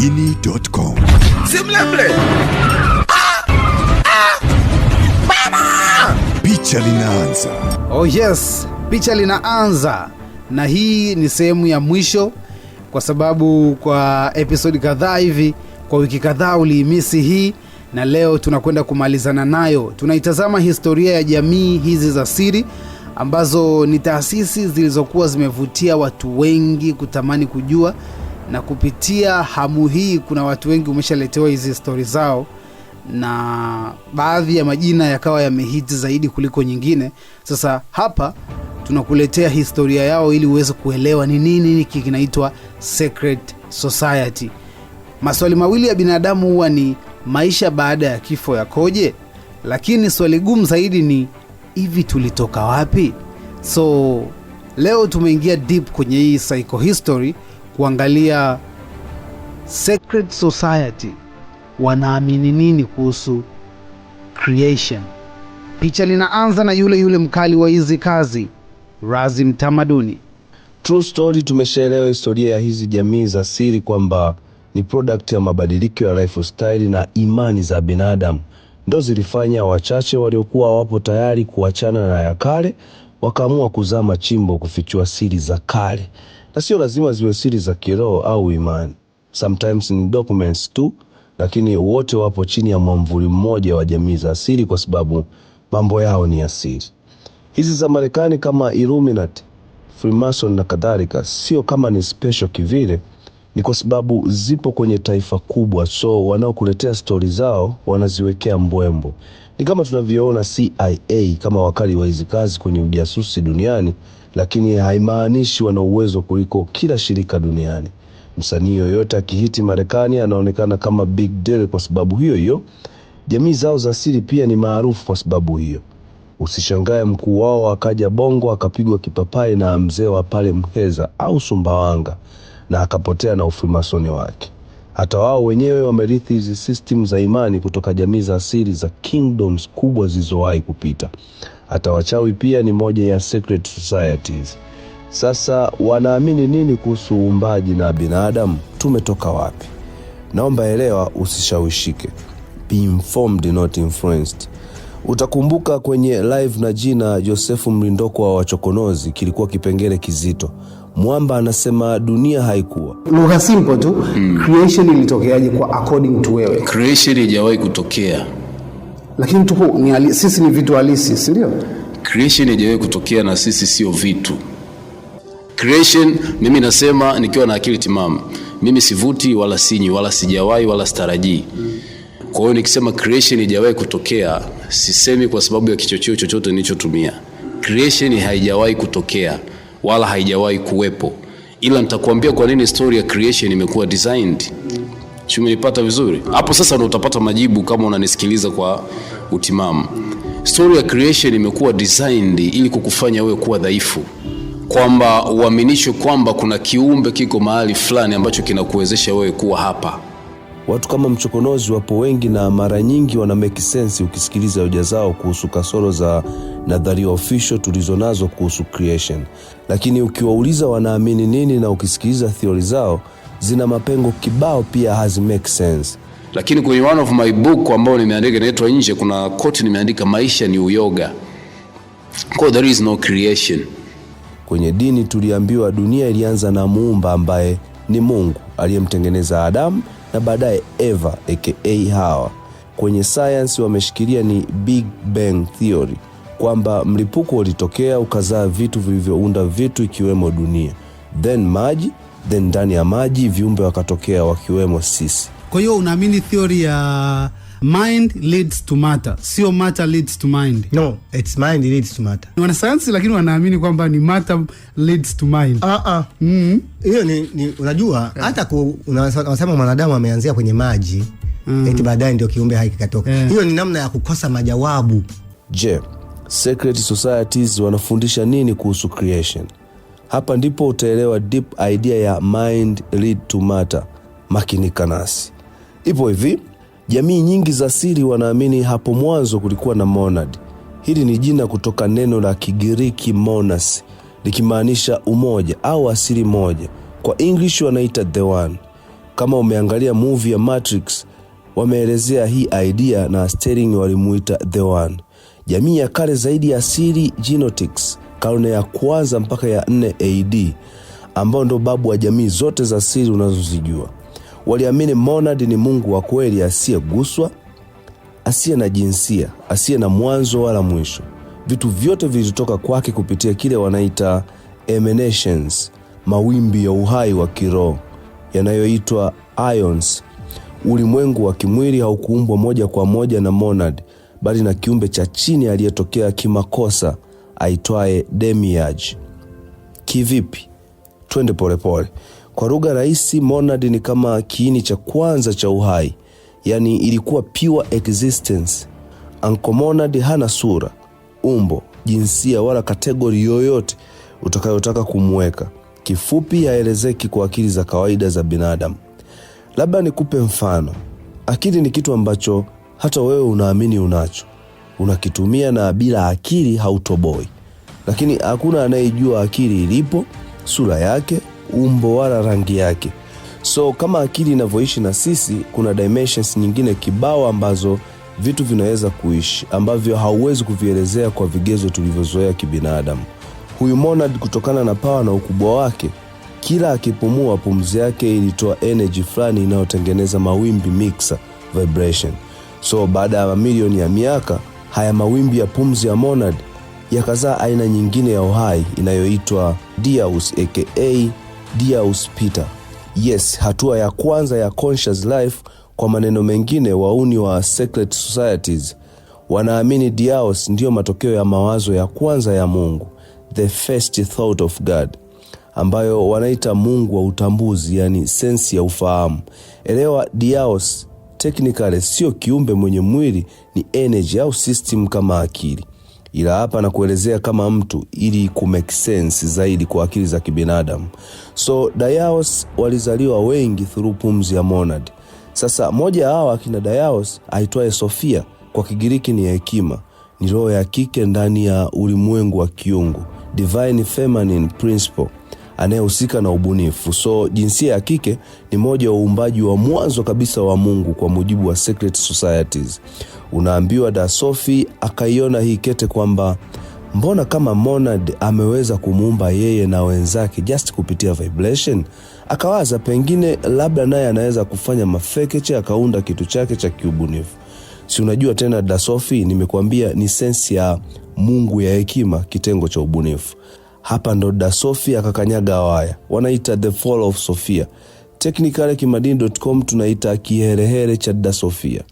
Dini.com. Si Picha linaanza. Oh yes, picha linaanza, na hii ni sehemu ya mwisho kwa sababu kwa episodi kadhaa hivi kwa wiki kadhaa uliimisi hii, na leo tunakwenda kumalizana nayo. Tunaitazama historia ya jamii hizi za siri ambazo ni taasisi zilizokuwa zimevutia watu wengi kutamani kujua na kupitia hamu hii, kuna watu wengi umeshaletewa hizi stori zao, na baadhi ya majina yakawa yamehiti zaidi kuliko nyingine. Sasa hapa tunakuletea historia yao ili uweze kuelewa ni nini hiki kinaitwa secret society. Maswali mawili ya binadamu huwa ni maisha baada ya kifo yakoje, lakini swali gumu zaidi ni hivi tulitoka wapi? So leo tumeingia deep kwenye hii psychohistory kuangalia sacred society wanaamini nini kuhusu creation. Picha linaanza na yule yule mkali wa hizi kazi razi mtamaduni True story, tumeshaelewa historia ya hizi jamii za siri kwamba ni product ya mabadiliko ya lifestyle na imani za binadamu ndo zilifanya wachache waliokuwa wapo tayari kuachana na ya kale wakaamua kuzama chimbo kufichua siri za kale na sio lazima ziwe siri za kiroho au imani. Sometimes ni documents tu, lakini wote wapo chini ya mwamvuli mmoja wa jamii za asili, kwa sababu mambo yao ni asili. Hizi za Marekani kama Illuminati, Freemason na kadhalika, sio kama ni special kivile, ni kwa sababu zipo kwenye taifa kubwa, so wanaokuletea stori zao wanaziwekea mbwembo. Ni kama tunavyoona CIA kama wakali wa hizi kazi kwenye ujasusi duniani, lakini haimaanishi wana uwezo kuliko kila shirika duniani. Msanii yoyote akihiti Marekani anaonekana kama big deal kwa sababu hiyo hiyo. Jamii zao za asili pia ni maarufu kwa sababu hiyo. Usishangae mkuu wao akaja Bongo akapigwa kipapai na mzee wa pale Mheza au Sumbawanga na akapotea na ufimasoni wake. Hata wao wenyewe wamerithi hizi system za imani kutoka jamii za asili za kingdoms kubwa zilizowahi kupita. Hata wachawi pia ni moja ya secret societies. Sasa wanaamini nini kuhusu uumbaji na binadamu? Tumetoka wapi? Naomba elewa, usishawishike. Be informed not influenced. Utakumbuka kwenye live na jina Josefu Mlindoko wa Wachokonozi kilikuwa kipengele kizito. Mwamba anasema dunia haikuwa. Lugha simple tu, hmm. creation ilitokeaje? Kwa according to wewe, creation haijawahi kutokea lakini tupo ni ali, sisi ni vitu halisi, si ndio? Creation haijawahi kutokea na sisi sio vitu. Creation mimi nasema nikiwa na akili timamu, mimi sivuti wala sinyi wala sijawahi wala sitarajii. Kwa hiyo nikisema creation haijawahi kutokea, sisemi kwa sababu ya kichocheo chochote nilichotumia. Creation haijawahi kutokea wala haijawahi kuwepo, ila nitakuambia kwa nini story ya creation imekuwa designed si vizuri hapo sasa ndo utapata majibu kama unanisikiliza kwa utimamu story ya creation imekuwa designed ili kukufanya wewe kuwa dhaifu kwamba uaminishwe kwamba kuna kiumbe kiko mahali fulani ambacho kinakuwezesha wewe kuwa hapa watu kama mchokonozi wapo wengi na mara nyingi wana make sense ukisikiliza hoja zao kuhusu kasoro za nadharia official tulizonazo kuhusu creation lakini ukiwauliza wanaamini nini na ukisikiliza theori zao zina mapengo kibao, pia hazi make sense. Lakini kwenye one of my book ambao nimeandika inaitwa Nje, kuna quote nimeandika, maisha ni uyoga, kwa there is no creation. Kwenye dini tuliambiwa dunia ilianza na muumba ambaye ni Mungu aliyemtengeneza Adamu na baadaye Eva aka Hawa. Kwenye sayansi wameshikilia ni Big Bang Theory kwamba mlipuko ulitokea ukazaa vitu vilivyounda vitu ikiwemo dunia, then maji then ndani ya maji viumbe wakatokea wakiwemo sisi. Kwa hiyo unaamini theory ya mind leads to matter, sio matter leads to mind? No, it's mind leads to matter. Ni Wanasayansi lakini wanaamini kwamba ni matter leads to mind. Ah ah, mm -hmm. hiyo Ni, ni unajua yeah. hata yeah. Unasema mwanadamu ameanzia kwenye maji mm -hmm. Eti baadaye ndio kiumbe hai kikatoka yeah. hiyo Ni namna ya kukosa majawabu. Je, secret societies wanafundisha nini kuhusu creation? Hapa ndipo utaelewa deep idea ya mind lead to matter. Makinika nasi. Ipo hivi, jamii nyingi za siri wanaamini hapo mwanzo kulikuwa na monad. Hili ni jina kutoka neno la Kigiriki monas likimaanisha umoja au asili moja. Kwa English wanaita the one. Kama umeangalia movie ya Matrix, wameelezea hii idea na Sterling walimuita the one. Jamii ya kale zaidi ya siri genotics karne ya kwanza mpaka ya 4 AD, ambao ndio babu wa jamii zote za siri unazozijua. Waliamini monad ni Mungu wa kweli asiyeguswa, asiye na jinsia, asiye na mwanzo wala mwisho. Vitu vyote vilitoka kwake kupitia kile wanaita emanations, mawimbi ya uhai wa kiroho yanayoitwa ions. Ulimwengu wa kimwili haukuumbwa moja kwa moja na monad, bali na kiumbe cha chini aliyetokea kimakosa aitwaye Demiurge. Kivipi? Twende polepole. Kwa lugha rahisi, monad ni kama kiini cha kwanza cha uhai, yaani ilikuwa pure existence. Ankomonad hana sura, umbo, jinsia wala kategori yoyote utakayotaka kumweka. Kifupi, haelezeki kwa akili za kawaida za binadamu. Labda nikupe mfano. Akili ni kitu ambacho hata wewe unaamini unacho unakitumia na bila akili hautoboi. Lakini hakuna anayejua akili ilipo, sura yake, umbo wala rangi yake. So kama akili inavyoishi na sisi, kuna dimensions nyingine kibao ambazo vitu vinaweza kuishi ambavyo hauwezi kuvielezea kwa vigezo tulivyozoea kibinadamu. Huyu monad, kutokana na pawa na ukubwa wake, kila akipumua pumzi yake ilitoa energy fulani inayotengeneza mawimbi mixer vibration. So baada ya mamilioni ya miaka Haya mawimbi ya pumzi ya Monad yakazaa aina nyingine ya uhai inayoitwa Diaus aka Diaus Peter. Yes, hatua ya kwanza ya conscious life. Kwa maneno mengine, wauni wa secret societies wanaamini Diaus ndiyo matokeo ya mawazo ya kwanza ya Mungu, the first thought of God, ambayo wanaita Mungu wa utambuzi, yani sensi ya ufahamu. Elewa, Diaus Technically sio kiumbe mwenye mwili, ni energy au system kama akili, ila hapa nakuelezea kama mtu ili make sense zaidi kwa akili za kibinadamu. So dayaos walizaliwa wengi through pumzi ya monad. Sasa moja hawa akina dayaos aitwaye Sofia, kwa Kigiriki ni hekima, ni roho ya kike ndani ya ulimwengu wa kiungu, divine feminine principle anayehusika na ubunifu. So jinsia ya kike ni moja wa uumbaji wa mwanzo kabisa wa Mungu kwa mujibu wa Secret Societies. Unaambiwa da Sophie akaiona hii kete kwamba mbona kama Monad ameweza kumuumba yeye na wenzake just kupitia vibration. Akawaza pengine labda naye anaweza kufanya mafekeche akaunda kitu chake cha kiubunifu. Si unajua tena da Sophie, nimekuambia ni sensi ya Mungu ya hekima, kitengo cha ubunifu. Hapa ndo da Sofia akakanyaga waya, wanaita the fall of Sofia. Technically kimadini.com tunaita kiherehere cha da Sofia.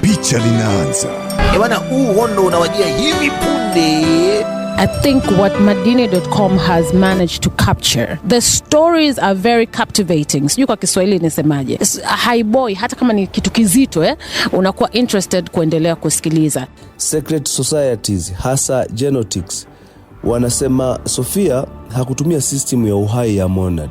Picha linaanza eh, bwana, huu hondo unawajia hivi punde. I think what Madini.com has managed to capture. The stories are very captivating. Sijui kwa Kiswahili nisemaje. boy hata kama ni kitu kizito eh, unakuwa interested kuendelea kusikiliza. Secret societies hasa genotics Wanasema Sofia hakutumia sistemu ya uhai ya Monad,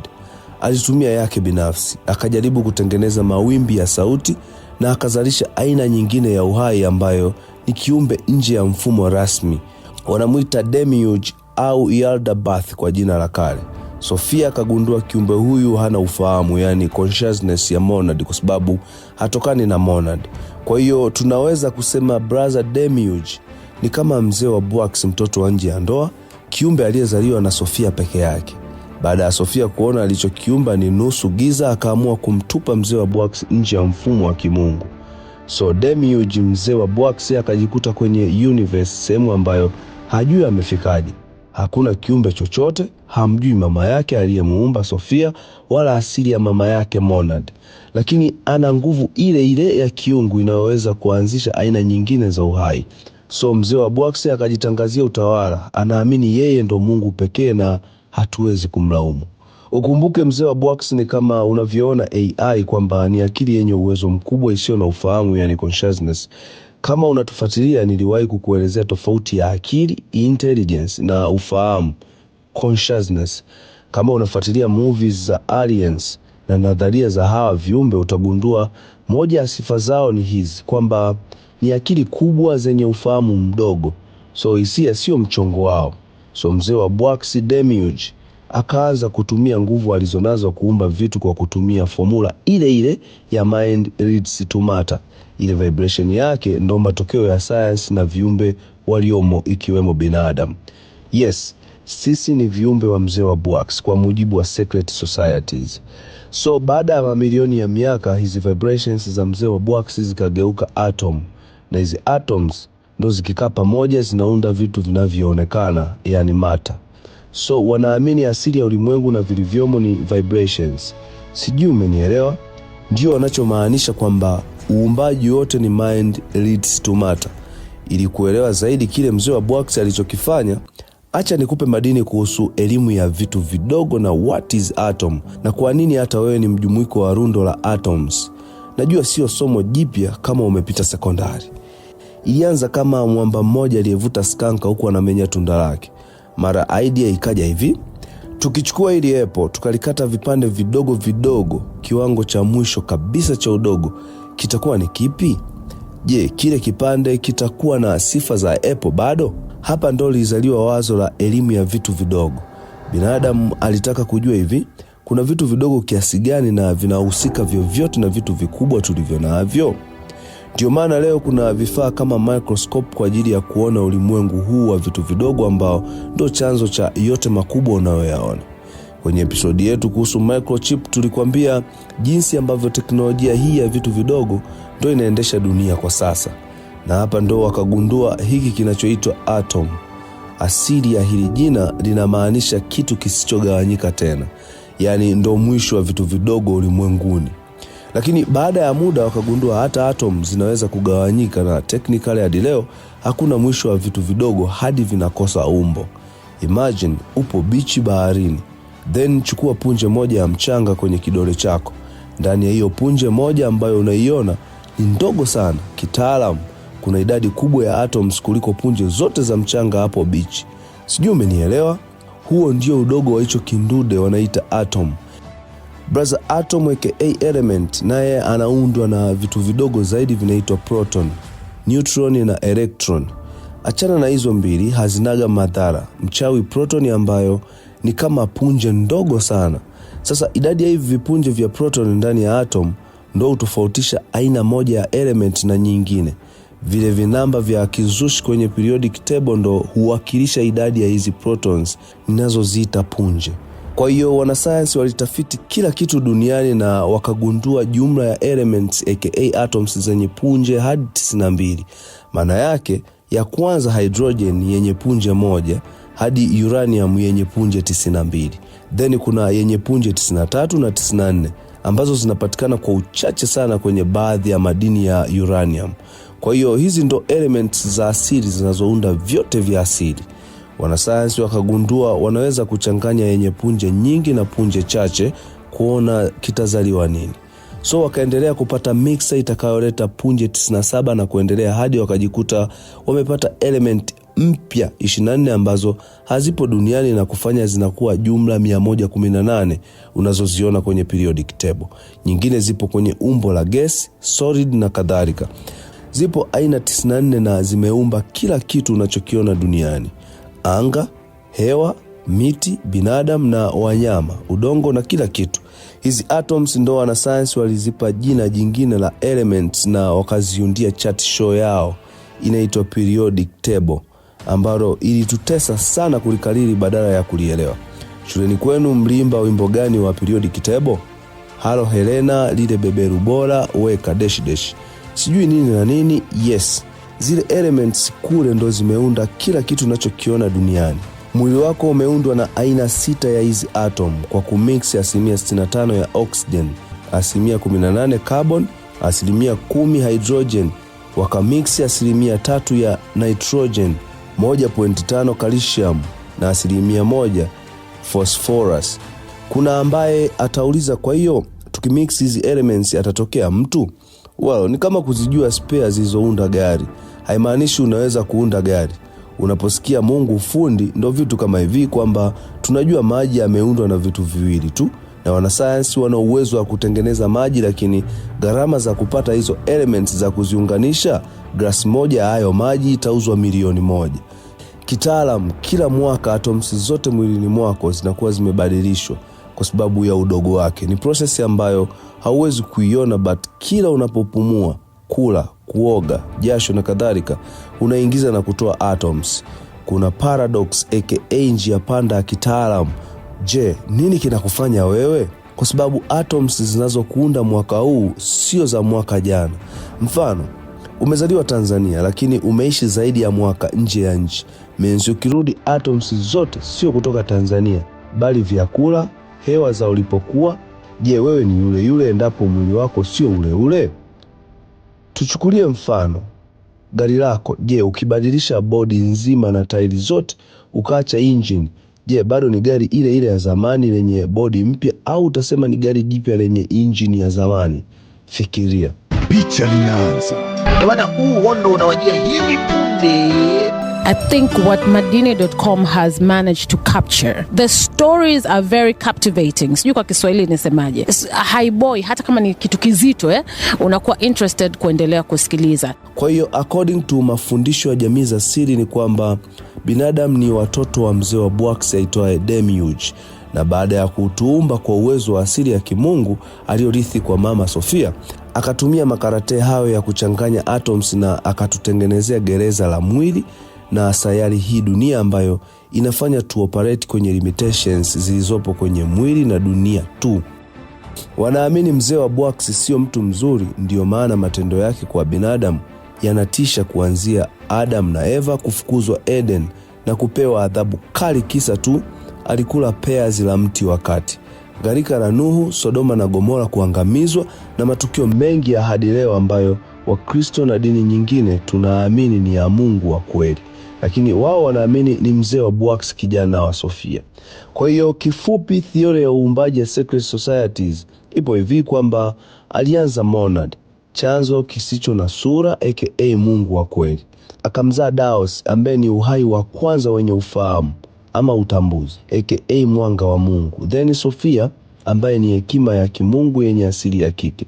alitumia yake binafsi, akajaribu kutengeneza mawimbi ya sauti na akazalisha aina nyingine ya uhai ambayo ni kiumbe nje ya mfumo rasmi, wanamwita demiurge au Yaldabaoth kwa jina la kale. Sofia akagundua kiumbe huyu hana ufahamu, yani consciousness ya Monad, kwa sababu hatokani na Monad. Kwa hiyo tunaweza kusema brother demiurge ni kama mzee wa Bwax, mtoto wa nje ya ndoa kiumbe aliyezaliwa na Sofia peke yake. Baada ya Sofia kuona alichokiumba ni nusu giza, akaamua kumtupa mzee wa Boax nje ya mfumo wa kimungu. So Demiurge, mzee wa Boax akajikuta kwenye universe, sehemu ambayo hajui amefikaje. Hakuna kiumbe chochote, hamjui mama yake aliyemuumba Sofia wala asili ya mama yake Monad, lakini ana nguvu ile ile ya kiungu inayoweza kuanzisha aina nyingine za uhai. So mzee wa Bwaxe akajitangazia utawala, anaamini yeye ndo Mungu pekee na hatuwezi kumlaumu. Ukumbuke mzee wa Bwaxe ni kama unavyoona AI kwamba ni akili yenye uwezo mkubwa isiyo na ufahamu, yani consciousness. Kama unatufuatilia, niliwahi kukuelezea tofauti ya akili intelligence na ufahamu consciousness. Kama unafuatilia movies za aliens na nadharia za hawa viumbe, utagundua moja ya sifa zao ni hizi kwamba ni akili kubwa zenye ufahamu mdogo, so hisia sio mchongo wao. So mzee wa Bwax Demiurge akaanza kutumia nguvu alizonazo kuumba vitu kwa kutumia formula ile ile ya mind reads to matter. Ile vibration yake ndo matokeo ya science na viumbe waliomo ikiwemo binadamu. Yes, sisi ni viumbe wa mzee wa Bwax kwa mujibu wa secret societies. So baada ya mamilioni ya miaka hizi vibrations za mzee wa Bwax zikageuka atom na hizi atoms ndo zikikaa pamoja zinaunda vitu vinavyoonekana yani mata. So wanaamini asili ya ulimwengu na vilivyomo ni vibrations. Sijui umenielewa? Ndio wanachomaanisha kwamba uumbaji wote ni mind leads to matter. Ili kuelewa zaidi kile mzee wa Bwax alichokifanya, acha nikupe madini kuhusu elimu ya vitu vidogo na what is atom, na kwa nini hata wewe ni mjumuiko wa rundo la atoms. Najua sio somo jipya kama umepita sekondari. Ilianza kama mwamba mmoja aliyevuta skanka huku anamenya tunda lake. Mara idea ikaja hivi, tukichukua ili epo tukalikata vipande vidogo vidogo, kiwango cha mwisho kabisa cha udogo kitakuwa ni kipi? Je, kile kipande kitakuwa na sifa za epo bado? Hapa ndo lilizaliwa wazo la elimu ya vitu vidogo. Binadamu alitaka kujua hivi kuna vitu vidogo kiasi gani na vinahusika vyovyote na vitu vikubwa tulivyo navyo. Ndio maana leo kuna vifaa kama microscope kwa ajili ya kuona ulimwengu huu wa vitu vidogo ambao ndo chanzo cha yote makubwa unayoyaona. Kwenye episodi yetu kuhusu microchip tulikwambia jinsi ambavyo teknolojia hii ya vitu vidogo ndo inaendesha dunia kwa sasa, na hapa ndo wakagundua hiki kinachoitwa atom. Asili ya hili jina linamaanisha kitu kisichogawanyika tena, yaani ndo mwisho wa vitu vidogo ulimwenguni. Lakini baada ya muda wakagundua hata atom zinaweza kugawanyika, na technically hadi leo hakuna mwisho wa vitu vidogo hadi vinakosa umbo. Imagine upo bichi baharini, then chukua punje moja ya mchanga kwenye kidole chako. Ndani ya hiyo punje moja ambayo unaiona ni ndogo sana, kitaalam kuna idadi kubwa ya atoms kuliko punje zote za mchanga hapo bichi. Sijui umenielewa? Huo ndio udogo wa hicho kindude wanaita atom. Brother atom aka element naye anaundwa na vitu vidogo zaidi vinaitwa proton, neutron na electron. Achana na hizo mbili, hazinaga madhara. Mchawi proton ambayo ni kama punje ndogo sana. Sasa idadi ya hivi vipunje vya proton ndani ya atom ndo hutofautisha aina moja ya element na nyingine. Vile vinamba vya kizushi kwenye periodic table ndo huwakilisha idadi ya hizi protons ninazoziita punje. Kwa hiyo wanasayansi walitafiti kila kitu duniani na wakagundua jumla ya elements aka atoms zenye punje hadi 92. Maana yake ya kwanza hydrogen yenye punje moja hadi uranium yenye punje 92, then kuna yenye punje 93 na 94 ambazo zinapatikana kwa uchache sana kwenye baadhi ya madini ya uranium. Kwa hiyo hizi ndo elements za asili zinazounda vyote vya asili. Wanasayansi wakagundua wanaweza kuchanganya yenye punje nyingi na punje chache kuona kitazaliwa nini. So wakaendelea kupata mixer itakayoleta punje 97 na kuendelea hadi wakajikuta wamepata element mpya 24 ambazo hazipo duniani na kufanya zinakuwa jumla 118 unazoziona kwenye periodic table. Nyingine zipo kwenye umbo la gesi, solid na kadhalika. Zipo aina 94 na zimeumba kila kitu unachokiona duniani anga, hewa, miti, binadamu na wanyama, udongo na kila kitu. Hizi atoms ndo wanasayansi walizipa jina jingine la elements na wakaziundia chart show yao inaitwa periodic table, ambalo ilitutesa sana kulikariri badala ya kulielewa. Shuleni kwenu mlimba wimbo gani wa periodic table? Halo Helena, lile beberu bora, weka dash dash, sijui nini na nini. Yes, zile elements kule ndo zimeunda kila kitu unachokiona duniani. Mwili wako umeundwa na aina sita ya hizi atom kwa kumix asilimia 65 ya oxygen, asilimia 18 carbon, asilimia 10 hydrogen, wakamiksi asilimia tatu ya nitrogen, 1.5 calcium na asilimia moja phosphorus. Kuna ambaye atauliza, kwa hiyo tukimix hizi elements atatokea mtu? Well, ni kama kuzijua spare zilizounda gari haimaanishi unaweza kuunda gari. Unaposikia Mungu fundi, ndo vitu kama hivi kwamba tunajua maji yameundwa na vitu viwili tu, na wanasayansi wana uwezo wa kutengeneza maji, lakini gharama za kupata hizo elements za kuziunganisha, glasi moja ya hayo maji itauzwa milioni moja. Kitaalam, kila mwaka atoms zote mwilini mwako zinakuwa zimebadilishwa kwa sababu ya udogo wake. Ni prosesi ambayo hauwezi kuiona, but kila unapopumua kula, kuoga, jasho na kadhalika, unaingiza na kutoa atoms. Kuna paradox aka njia panda ya kitaalamu. Je, nini kinakufanya wewe? Kwa sababu atoms zinazokuunda mwaka huu sio za mwaka jana. Mfano, umezaliwa Tanzania lakini umeishi zaidi ya mwaka nje ya nchi menzi, ukirudi atoms zote sio kutoka Tanzania bali vyakula, hewa za ulipokuwa. Je, wewe ni yule yule endapo mwili wako sio ule ule? Tuchukulie mfano gari lako. Je, ukibadilisha bodi nzima na tairi zote ukaacha engine, je, bado ni gari ile ile ya zamani lenye bodi mpya au utasema ni gari jipya lenye engine ya zamani? Fikiria. Picha linaanza. Bwana, huu uondo unawajia hivi punde. I think what Madine.com has managed to capture. The stories are very captivating. Sijui kwa Kiswahili nisemaje. boy, hata kama ni kitu kizito eh, unakuwa interested kuendelea kusikiliza. Kwa hiyo according to mafundisho ya jamii za siri ni kwamba binadamu ni watoto wa mzee wa Bwax aitwaye Demiurge na baada ya kutuumba kwa uwezo wa asili ya kimungu aliyorithi kwa mama Sofia, akatumia makaratee hayo ya kuchanganya atoms na akatutengenezea gereza la mwili na sayari hii dunia ambayo inafanya operate kwenye limitations zilizopo kwenye mwili na dunia tu. Wanaamini mzee wa Bwaksi sio mtu mzuri, ndiyo maana matendo yake kwa binadamu yanatisha, kuanzia Adam na Eva kufukuzwa Eden na kupewa adhabu kali, kisa tu alikula pea la mti wakati kati, gharika la Nuhu, Sodoma na Gomora kuangamizwa, na matukio mengi ya hadi leo ambayo Wakristo na dini nyingine tunaamini ni ya Mungu wa kweli lakini wao wanaamini ni mzee wa bwax kijana wa Sofia. Kwa hiyo kifupi, theory ya uumbaji ya secret societies ipo hivi kwamba alianza Monad, chanzo kisicho na sura aka Mungu wa kweli, akamzaa Daos ambaye ni uhai wa kwanza wenye ufahamu ama utambuzi aka mwanga wa Mungu, then Sofia ambaye ni hekima ya kimungu yenye asili ya kike,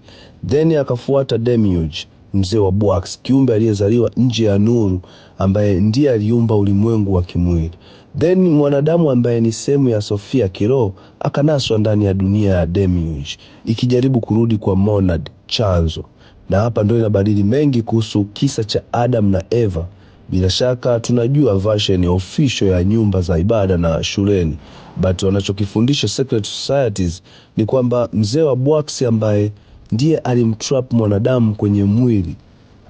then akafuata Demiurge mzee wa Bwax, kiumbe aliyezaliwa nje ya nuru, ambaye ndiye aliumba ulimwengu wa kimwili. Then mwanadamu ambaye ni sehemu ya Sofia kiroho akanaswa ndani ya dunia ya Demiurge, ikijaribu kurudi kwa Monad chanzo. Na hapa ndio inabadili mengi kuhusu kisa cha Adam na Eva. Bila shaka tunajua version official ya nyumba za ibada na shuleni, but wanachokifundisha secret societies ni kwamba mzee wa Bwax ambaye ndiye alimtrap mwanadamu kwenye mwili,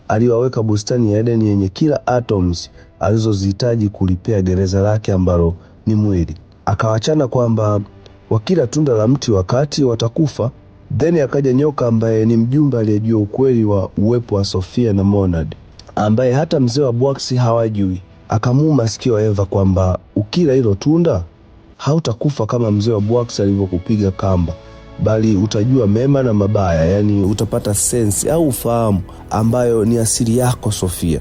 aliwaweka bustani ya Edeni yenye kila atoms alizozihitaji kulipea gereza lake ambalo ni mwili. Akawachana kwamba wakila tunda la mti wakati watakufa. Then akaja nyoka ambaye ni mjumbe aliyejua ukweli wa uwepo wa Sofia na Monad, ambaye hata mzee wa Bwaksi hawajui. Akamuuma sikio Eva kwamba ukila hilo tunda hautakufa kama mzee wa Bwaksi alivyokupiga kamba bali utajua mema na mabaya, yaani utapata sensi au ufahamu ambayo ni asili yako Sofia.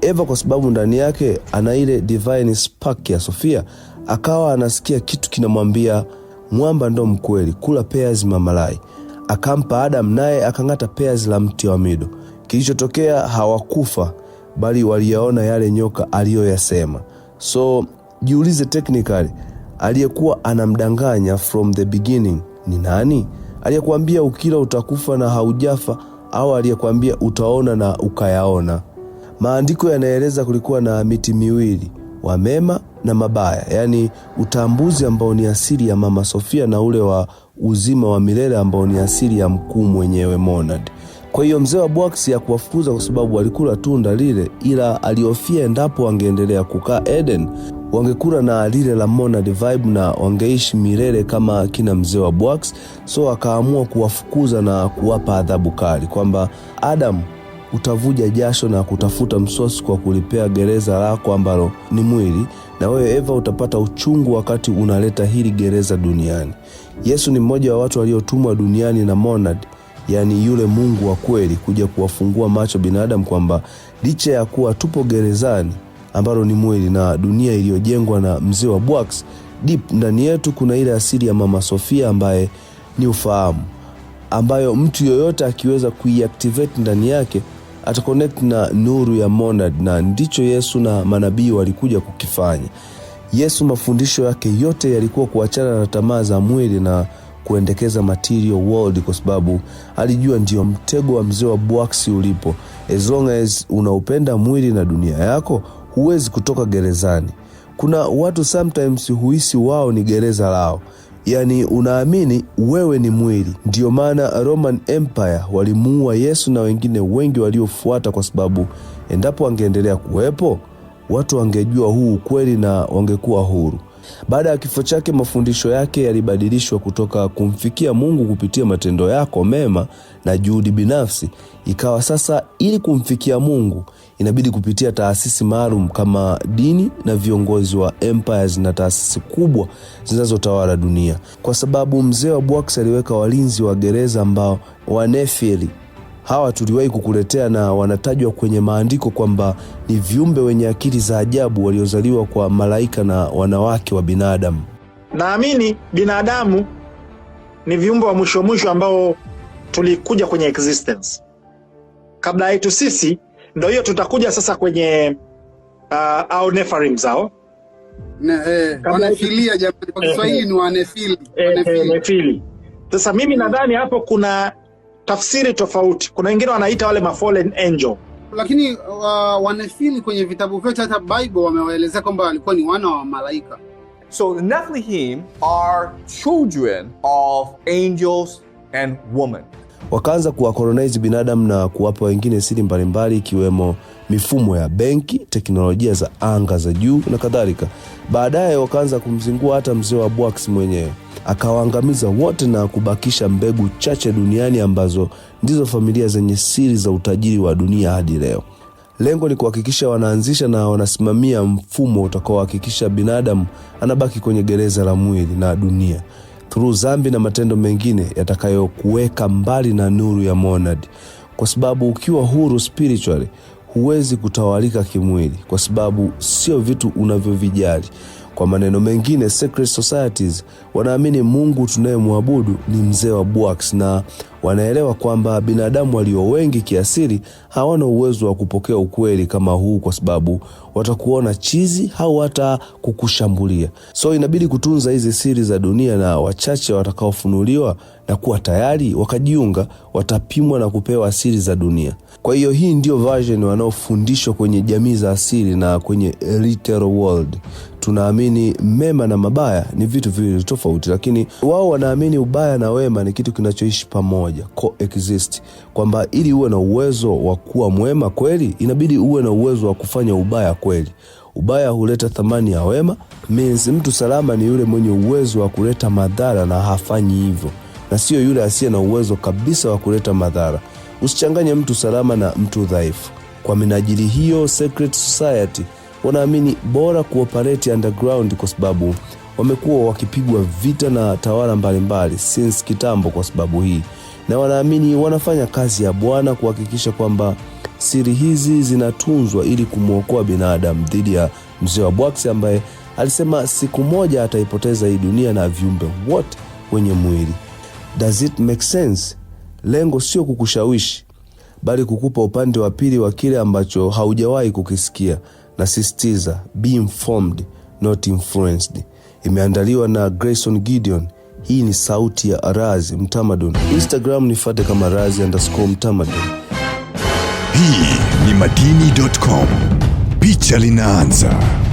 Eva kwa sababu ndani yake ana ile divine spark ya Sofia, akawa anasikia kitu kinamwambia mwamba ndo mkweli, kula pears mamalai. Akampa Adam naye akang'ata pears la mti wa mido. Kilichotokea hawakufa, bali waliyaona yale nyoka aliyoyasema. So jiulize technically, aliyekuwa anamdanganya from the beginning ni nani aliyekuambia ukila utakufa na haujafa, au aliyekuambia utaona na ukayaona? Maandiko yanaeleza kulikuwa na miti miwili, wamema na mabaya, yaani utambuzi ambao ni asili ya Mama Sofia na ule wa uzima wa milele ambao ni asili ya mkuu mwenyewe Monad. Kwa hiyo mzee wa Bwax hakuwafukuza kwa sababu walikula tunda lile, ila alihofia endapo wangeendelea kukaa Eden wangekula na lile la Monad Vibe na wangeishi milele kama kina mzee wa Bwax. So akaamua kuwafukuza na kuwapa adhabu kali kwamba Adam, utavuja jasho na kutafuta msosi kwa kulipea gereza lako ambalo ni mwili, na wewe Eva utapata uchungu wakati unaleta hili gereza duniani. Yesu ni mmoja wa watu waliotumwa duniani na Monad yaani yule Mungu wa kweli kuja kuwafungua macho binadamu kwamba licha ya kuwa tupo gerezani ambalo ni mwili na dunia iliyojengwa na mzee wa Bwax, deep ndani yetu kuna ile asili ya Mama Sofia ambaye ni ufahamu, ambayo mtu yoyote akiweza kuiactivate ndani yake ataconnect na nuru ya monad, na ndicho Yesu na manabii walikuja kukifanya. Yesu mafundisho yake yote yalikuwa kuachana na tamaa za mwili na kuendekeza Material World kwa sababu alijua ndio mtego wa mzee wa Bwaksi ulipo. As long as unaupenda mwili na dunia yako, huwezi kutoka gerezani. Kuna watu sometimes huhisi wao ni gereza lao, yaani unaamini wewe ni mwili. Ndiyo maana Roman Empire walimuua Yesu na wengine wengi waliofuata, kwa sababu endapo angeendelea kuwepo, watu wangejua huu ukweli na wangekuwa huru. Baada ya kifo chake, mafundisho yake yalibadilishwa kutoka kumfikia Mungu kupitia matendo yako mema na juhudi binafsi, ikawa sasa, ili kumfikia Mungu inabidi kupitia taasisi maalum kama dini na viongozi wa empires na taasisi kubwa zinazotawala dunia, kwa sababu mzee wa Bwaks aliweka walinzi wa gereza ambao wanefili hawa tuliwahi kukuletea na wanatajwa kwenye maandiko kwamba ni viumbe wenye akili za ajabu waliozaliwa kwa malaika na wanawake wa binadamu. Naamini binadamu ni viumbe wa mwisho mwisho ambao tulikuja kwenye existence kabla yetu sisi, ndio hiyo tutakuja sasa kwenye uh, au nefarim zao eh, wanefilia, jamani, kwa eh, Kiswahili ni eh, wanefili. Sasa mimi nadhani hapo kuna tafsiri tofauti. Kuna wengine wanaita wale mafallen angel, lakini uh, wanefili kwenye vitabu vyote, hata Bible wamewaelezea kwamba walikuwa ni wana wa malaika. So the Nephilim are children of angels and women. Wakaanza kuwakolonize binadamu na kuwapa wengine siri mbalimbali ikiwemo mifumo ya benki, teknolojia za anga za juu na kadhalika. Baadaye wakaanza kumzingua hata mzee wa Bwax mwenyewe akawaangamiza wote na kubakisha mbegu chache duniani ambazo ndizo familia zenye siri za utajiri wa dunia hadi leo. Lengo ni kuhakikisha wanaanzisha na wanasimamia mfumo utakaohakikisha binadamu anabaki kwenye gereza la mwili na dunia through dhambi na matendo mengine yatakayokuweka mbali na nuru ya monad, kwa sababu ukiwa huru spiritually huwezi kutawalika kimwili, kwa sababu sio vitu unavyovijali. Kwa maneno mengine, secret societies wanaamini Mungu tunayemwabudu ni mzee wa Bwax na wanaelewa kwamba binadamu walio wengi kiasili hawana uwezo wa kupokea ukweli kama huu, kwa sababu watakuona chizi au hata kukushambulia. So inabidi kutunza hizi siri za dunia, na wachache watakaofunuliwa na kuwa tayari wakajiunga watapimwa na kupewa siri za dunia. Kwa hiyo hii ndio version wanaofundishwa kwenye jamii za asili na kwenye literal world. Tunaamini mema na mabaya ni vitu viwili tofauti, lakini wao wanaamini ubaya na wema ni kitu kinachoishi pamoja pamoja coexist, kwamba ili uwe na uwezo wa kuwa mwema kweli inabidi uwe na uwezo wa kufanya ubaya kweli. Ubaya huleta thamani ya wema, means mtu salama ni yule mwenye uwezo wa kuleta madhara na hafanyi hivyo, na sio yule asiye na uwezo kabisa wa kuleta madhara. Usichanganye mtu salama na mtu dhaifu. Kwa minajili hiyo, Secret Society wanaamini bora kuoperate underground kwa sababu wamekuwa wakipigwa vita na tawala mbalimbali since kitambo kwa sababu hii na wanaamini wanafanya kazi ya Bwana kuhakikisha kwamba siri hizi zinatunzwa ili kumwokoa binadamu dhidi ya mzee wa bwaksi ambaye alisema siku moja ataipoteza hii dunia na viumbe wote wenye mwili. Does it make sense? Lengo sio kukushawishi, bali kukupa upande wa pili wa kile ambacho haujawahi kukisikia. Nasisitiza, be informed not influenced. Imeandaliwa na Grayson Gideon. Hii ni sauti ya Razi Mtamadun. Instagram nifate kama Razi underscore Mtamadun. Hii ni madini.com, picha linaanza.